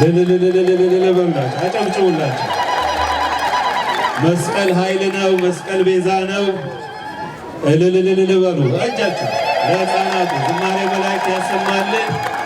ልልልልልልልል አጨብጭቡላቸው። መስቀል ኃይል ነው። መስቀል ቤዛ ነው። እልልልልል እጃቸው ለሕፃናቱ ዝማሬ መላእክት ያሰማልን።